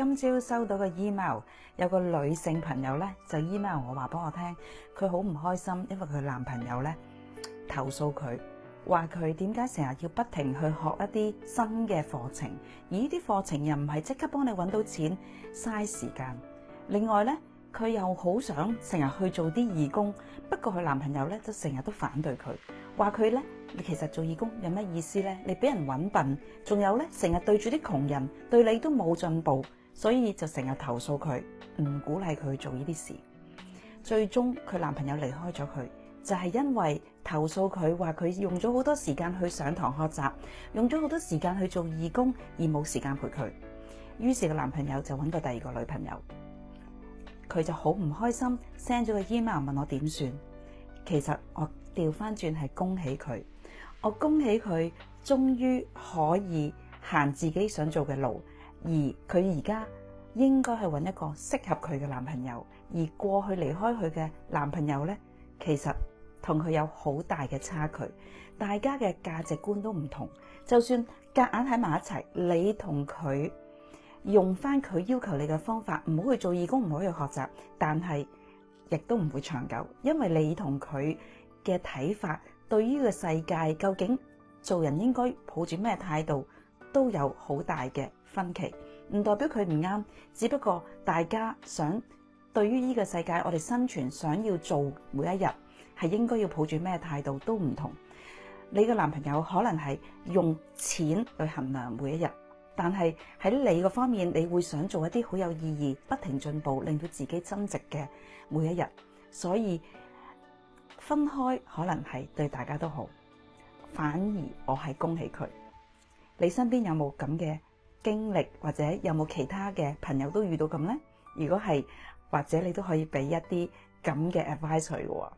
.今朝收到個 email，有個女性朋友咧就 email 我話俾我聽，佢好唔開心，因為佢男朋友咧投訴佢，話佢點解成日要不停去學一啲新嘅課程，而呢啲課程又唔係即刻幫你搵到錢，嘥時間。另外咧，佢又好想成日去做啲義工，不過佢男朋友咧就成日都反對佢，話佢咧你其實做義工有乜意思咧？你俾人搵笨，仲有咧成日對住啲窮人，對你都冇進步。所以就成日投訴佢，唔鼓勵佢去做呢啲事，最終佢男朋友離開咗佢，就係因為投訴佢，話佢用咗好多時間去上堂學習，用咗好多時間去做義工而冇時間陪佢。於是個男朋友就揾到第二個女朋友，佢就好唔開心，send 咗個 email 問我點算。其實我調翻轉係恭喜佢，我恭喜佢終於可以行自己想做嘅路。而佢而家應該係揾一個適合佢嘅男朋友，而過去離開佢嘅男朋友咧，其實同佢有好大嘅差距。大家嘅價值觀都唔同，就算夾硬喺埋一齊，你同佢用翻佢要求你嘅方法，唔好去做義工，唔好去學習，但係亦都唔會長久，因為你同佢嘅睇法對呢個世界究竟做人應該抱住咩態度都有好大嘅。分歧唔代表佢唔啱，只不過大家想對於呢個世界，我哋生存想要做每一日係應該要抱住咩態度都唔同。你嘅男朋友可能係用錢去衡量每一日，但係喺你個方面，你會想做一啲好有意義、不停進步，令到自己增值嘅每一日。所以分開可能係對大家都好，反而我係恭喜佢。你身邊有冇咁嘅經歷或者有冇其他嘅朋友都遇到咁呢？如果係，或者你都可以畀一啲咁嘅 advice 佢喎。